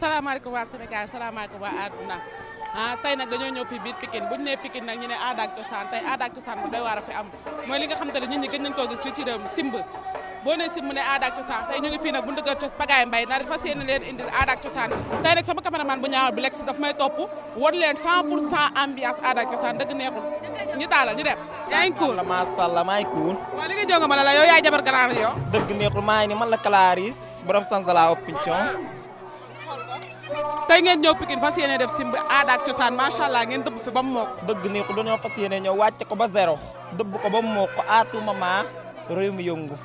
assalamualaikum waa Sénégal salaamaaleykum waa àdduna ah tey nag dañoo ñëw fi biir Pikine bu ñu Pikine nag ñu ne aada ak cosaan tey aada ak doy waar fi am mooy li nga xam te ne ñi gën nañ koo gis fii ci réew simb boo nee simb ne aada ak cosaan ñu ngi mbay seen leen sama bu ñaawal bi lex daf may won leen 100 ambiance aada ak dëgg neexul ñu taalal ñu dem yaa ngi kuul masalla maa ngi kuul waaw li nga jonga ma la yow yaay jabar ganaar yow dëgg neexul maa ni man la Clarisse borom opinion tey ngeen ñëw Pikine fas yéene def simb aada ak cosaan macha allah ngeen dëbb fi ba mu mook dëgg neexul dañoo fas yéene ñëw wàcc ko ba zéro dëbb ko ba mu mook ko aatu ma réew mi yëngu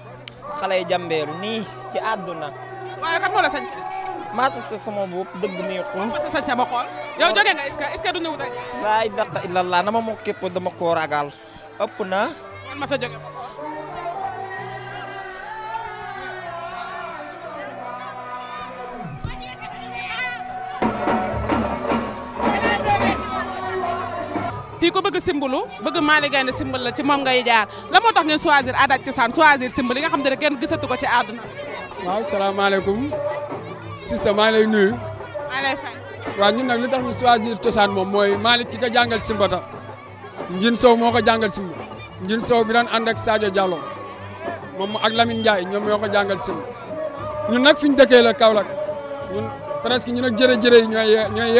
xale yi jàmbeeru nii ci àdduna waaye kat moo la sañ maa sa sama bopp dëgg neexul maa sa sama xool yow jóge nga est-ce que est-ce du ñëw tey laa ilaha illallah nama moo képp dama koo ragal ëpp na man ma sa fii bëgg simbalu bëgg Malick Gaynde simbal la ci moom ngay jaar la moo tax ngeen choisir aada ak cosaan choisir simbal yi nga xam ne kenn gisatu ko ci àdduna waaw salaamaaleykum sista maa ngi nuyu maa ñun nag li tax ñu choisir cosaan moom mooy Malick ki ko jàngal simbata njin soow moo ko jàngal simb njin soow bi daan ànd ak Sadio Diallo moom ak Lamine Ndiaye ñoom ñoo ko jàngal simb ñun nag fi ñu dëkkee la Kaolack ñun presque ñu nag jërë-jërë yi ñooy ñooy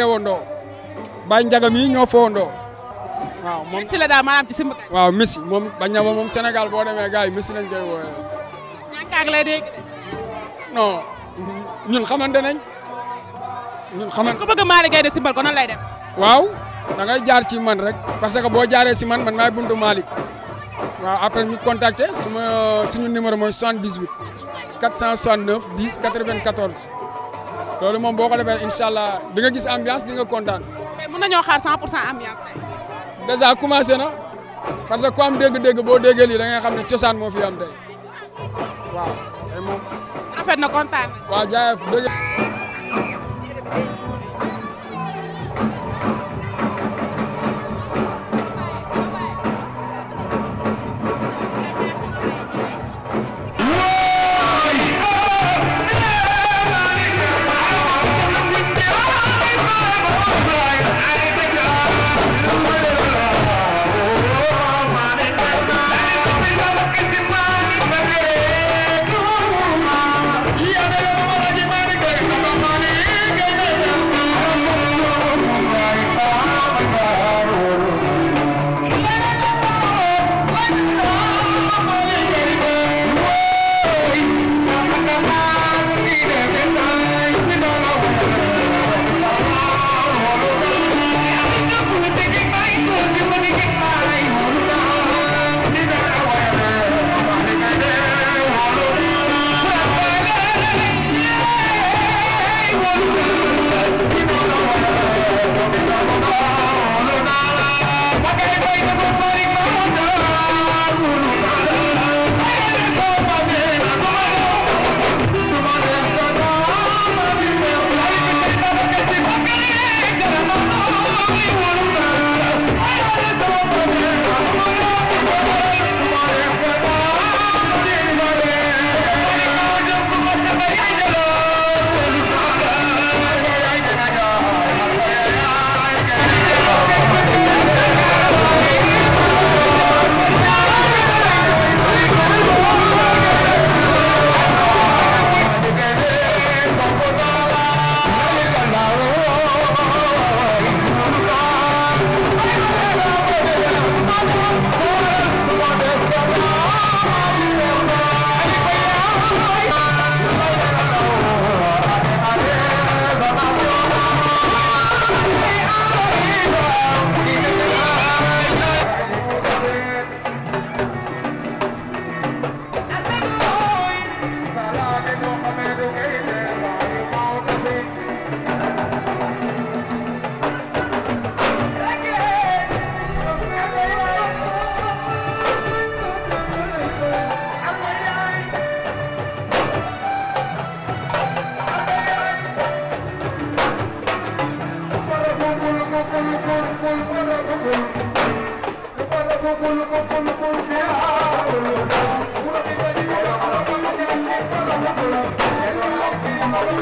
yi ñoo fowandoo waaw moom Messi la daal maanaam ci simb. waaw Messi moom bañ na ba moom Sénégal boo demee gars yi Messi lañ koy woowee. ñàkkaag lay dégg de. non ñun xamante nañ. ñun xamante ko bëgg a Malick Gueye de simbal ko nan lay def. waaw da ngay jaar ci man rek parce que boo jaaree si man man maay buntu Malick. waaw après ñu contacter suma suñu numéro mooy 78 469 10 94 loolu moom boo ko defee incha allah di nga gis ambiance di nga kontaan. mais mën nañoo xaar 100 ambiance tey. dèjà commencé na parce que ku am dégg-dégg boo déggee lii da ngay xam ne cosaan moo fi am tey waaw tey moom. rafet na kontaan.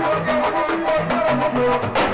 Thank you.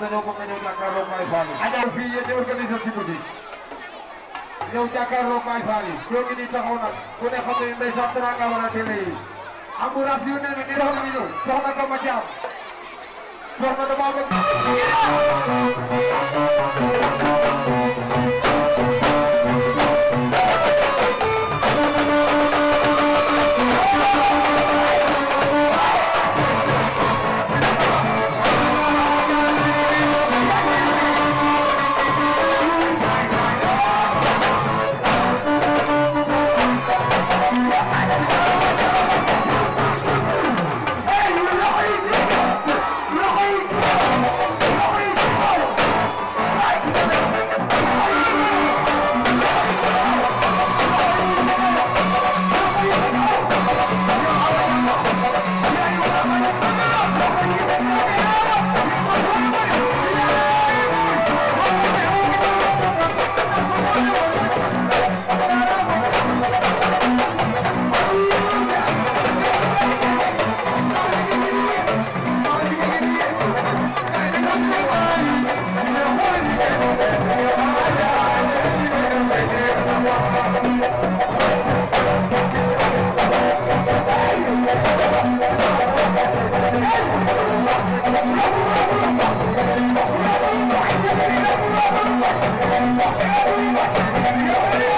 danoo bëgg a ñëw jàkkaarloog Baye Fall yi. a ñëw fii yéen di organisé ci guddi. ñëw jàkkaarloog Baye Fall yi. ñoo ngi nii taxaw nag ku ne xam ne ndeysaan dara nga war a teel a yéen. ambulance yu ne ni nii dox nañu ñëw. soxna Kama Thiam. soxna damaa bëgg. Eu Thank you.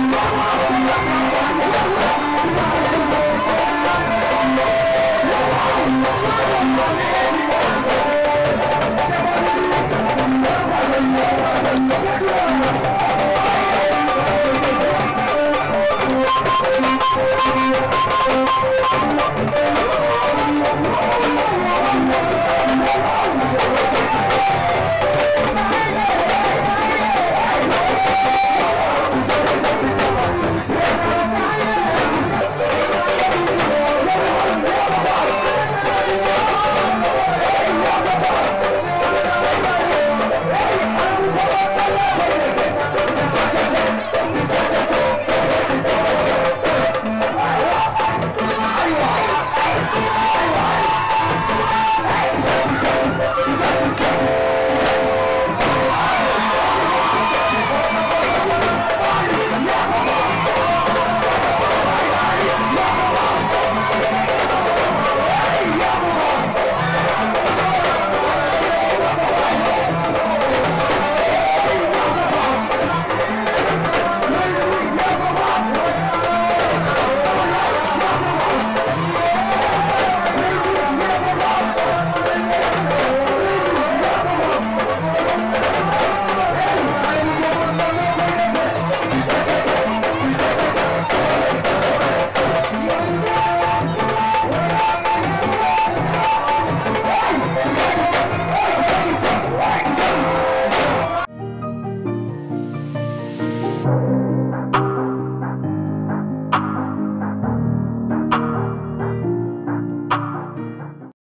Música